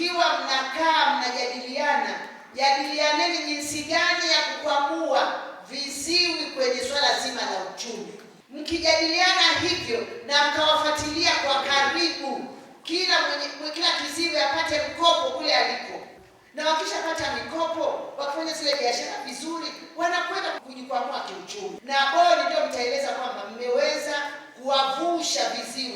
mkiwa mnakaa mnajadiliana, jadilianeni jinsi gani ya kukwamua viziwi kwenye swala zima la uchumi. Mkijadiliana hivyo na mkawafuatilia kwa karibu, kila mwenye, kila kiziwi apate mkopo kule aliko, na wakishapata mikopo wakifanya zile biashara vizuri, wanakwenda kujikwamua kiuchumi, na bodi ndio mtaeleza kwamba mmeweza kuwavusha viziwi.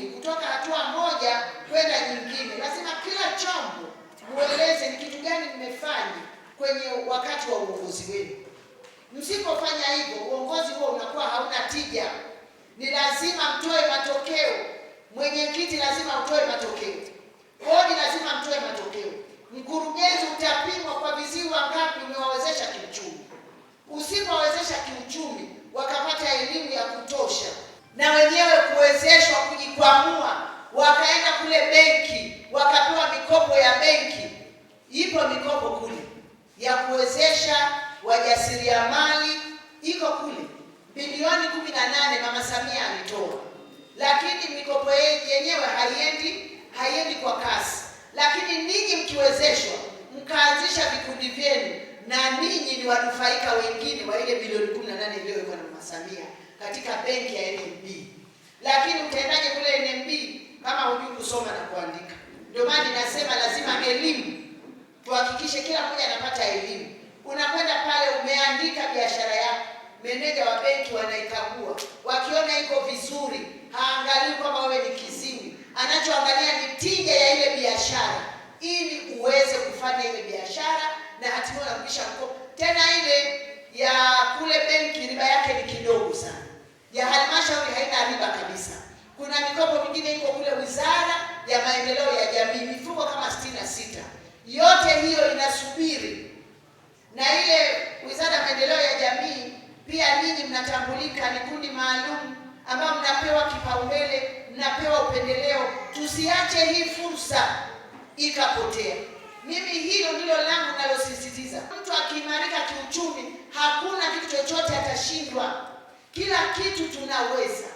mueleze ni kitu gani mmefanya kwenye wakati wa uongozi wenu. Msipofanya hivyo, uongozi huo unakuwa hauna tija. Ni lazima mtoe matokeo. Mwenyekiti lazima utoe matokeo, bodi lazima mtoe matokeo, mkurugenzi utapimwa kwa viziwa ngapi umewawezesha kiuchumi. Usipowawezesha kiuchumi, wakapata elimu ya kutosha na wenyewe kuwezeshwa kujikwamua wakaenda kule benki wakatoa mikopo ya benki. Ipo mikopo kule ya kuwezesha wajasiriamali, iko kule bilioni kumi na nane mama Samia alitoa, lakini mikopo yenyewe haiendi haiendi kwa kasi. Lakini ninyi mkiwezeshwa, mkaanzisha vikundi vyenu, na ninyi ni wanufaika wengine wa ile bilioni 18 iliyowekwa na mama Samia katika benki ya NMB. Lakini utaendaje kule NMB? kama hujui kusoma na kuandika. Ndio maana ninasema lazima elimu, tuhakikishe kila mmoja anapata elimu. Unakwenda pale umeandika biashara yako, meneja wa benki wanaikagua, wakiona iko vizuri, haangalii kwamba wewe ni kizini, anachoangalia ni tija ya ile biashara, ili uweze kufanya ile biashara na hatimaye unarudisha mkopo. Tena ile ya kule benki riba yake ni kidogo sana, ya halmashauri haina riba kabisa. Kuna mikopo mingine iko kule Wizara ya Maendeleo ya Jamii, mifuko kama sitini na sita. Yote hiyo inasubiri, na ile Wizara ya Maendeleo ya Jamii pia ninyi mnatambulika, ni kundi maalum ambao mnapewa kipaumbele, mnapewa upendeleo. Tusiache hii fursa ikapotea. Mimi hilo ndilo langu nalosisitiza. Mtu akiimarika kiuchumi, hakuna kitu chochote atashindwa, kila kitu tunaweza.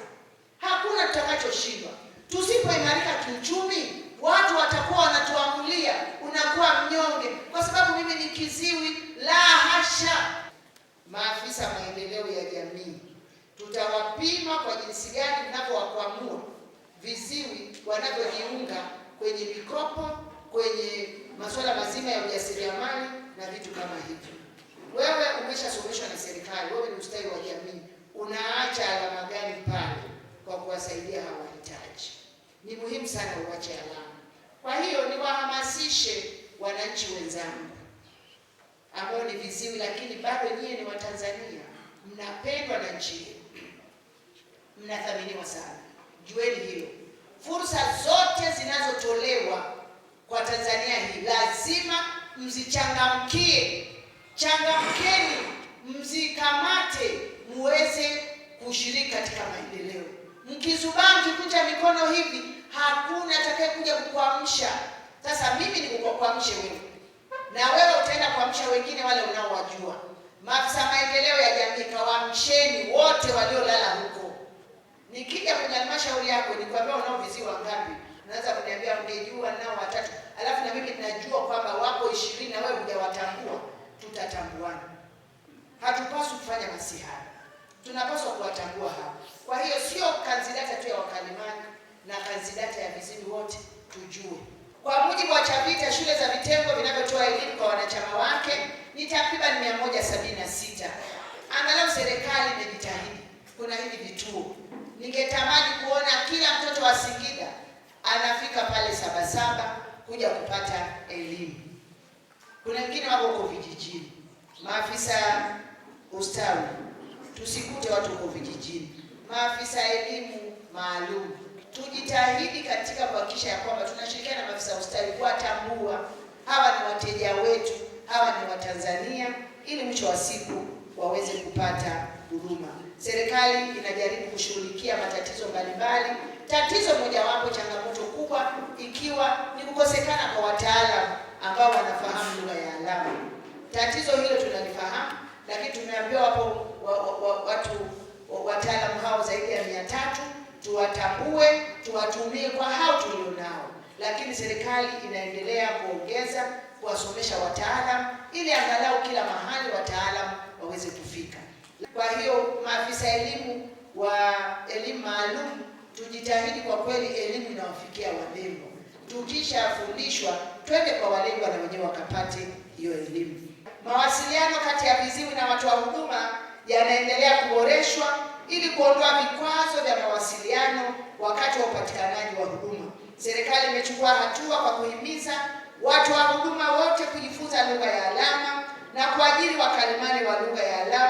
kuwapima kwa jinsi gani mnavyowakwamua viziwi wanavyojiunga kwenye mikopo, kwenye masuala mazima ya ujasiriamali na vitu kama hivyo. Wewe umeshasomeshwa na serikali, wewe ni ustawi wa jamii, unaacha alama gani pale kwa kuwasaidia hawahitaji? Ni muhimu sana uache alama. Kwa hiyo niwahamasishe wananchi wenzangu ambao ni viziwi, lakini bado nyie ni Watanzania. inathaminiwa sana, jueni hiyo Fursa zote zinazotolewa kwa Tanzania hii lazima mzichangamkie, changamkeni, mzikamate muweze kushiriki katika maendeleo. Mkizubaa mkikunja mikono hivi, hakuna atakayekuja kukuamsha. Sasa mimi nikukuamshe wewe, na wewe utaenda kuamsha wengine wale unaowajua. Maafisa maendeleo ya jamii, kawaamsheni wote waliolala huko. Nikija kwenye halmashauri yako nikwambia unao viziwi wangapi, unaanza kuniambia ungejua nao watatu, alafu na mimi ninajua kwamba wako ishirini na wewe hujawatambua, tutatambuana. Hatupaswi kufanya masihara, tunapaswa kuwatambua hapo Kwa hiyo sio kanzidata tu ya wakalimani na kanzidata ya viziwi wote tujue. Kwa mujibu wa CHAVITA, shule za vitengo vinavyotoa elimu kwa wanachama wake ni takriban 176. Angalau serikali imejitahidi, kuna hivi vituo Ningetamani kuona kila mtoto wa Singida anafika pale Sabasaba kuja kupata elimu. Kuna wengine wako huko vijijini, maafisa ustawi, tusikute watu huko vijijini, maafisa elimu maalum, tujitahidi katika kuhakikisha ya kwamba tunashirikiana na maafisa ustawi kuwatambua hawa ni wateja wetu, hawa ni Watanzania, ili mwisho wa siku waweze kupata huduma. Serikali inajaribu kushughulikia matatizo mbalimbali, tatizo mojawapo, changamoto kubwa ikiwa ni kukosekana kwa wataalamu ambao wanafahamu lugha ya alama. Tatizo hilo tunalifahamu, lakini tumeambiwa wapo wa, wa, wa, watu wa, wataalamu hao zaidi ya mia tatu. Tuwatambue, tuwatumie kwa hao tulionao, lakini serikali inaendelea kuongeza, kuwasomesha wataalamu ili angalau kila mahali wataalamu waweze kufika. Kwa hiyo maafisa elimu wa elimu maalum tujitahidi kwa kweli, elimu inawafikia walengwa. Tukishafundishwa twende kwa walengwa na wenyewe wakapate hiyo elimu. Mawasiliano kati ya viziwi na watoa huduma yanaendelea kuboreshwa ili kuondoa vikwazo vya mawasiliano wakati wa upatikanaji wa huduma. Serikali imechukua hatua kwa kuhimiza watoa huduma wote kujifunza lugha ya alama na kuajiri wakalimani wa lugha ya alama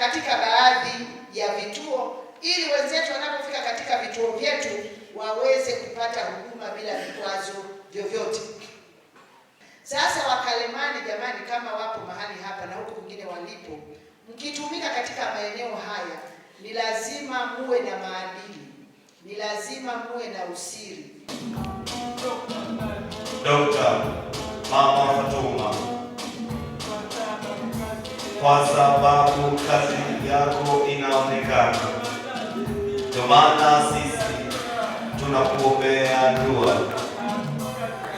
katika baadhi ya vituo, ili wenzetu wanapofika katika vituo vyetu waweze kupata huduma bila vikwazo vyovyote. Sasa wakalemani, jamani, kama wapo mahali hapa na huko kwingine walipo, mkitumika katika maeneo haya, ni lazima muwe na maadili, ni lazima muwe na usiri. Dokta Mama Fatuma kwa sababu kazi yako inaonekana. Ndio maana sisi tunakuombea dua,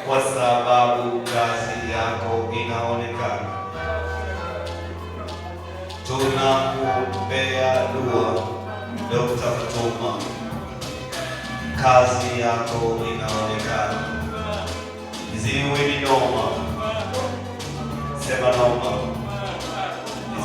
kwa sababu kazi yako inaonekana. Tunakuombea dua, Dr. Mtuma, kazi yako inaonekana. Ziwe ni noma, sema noma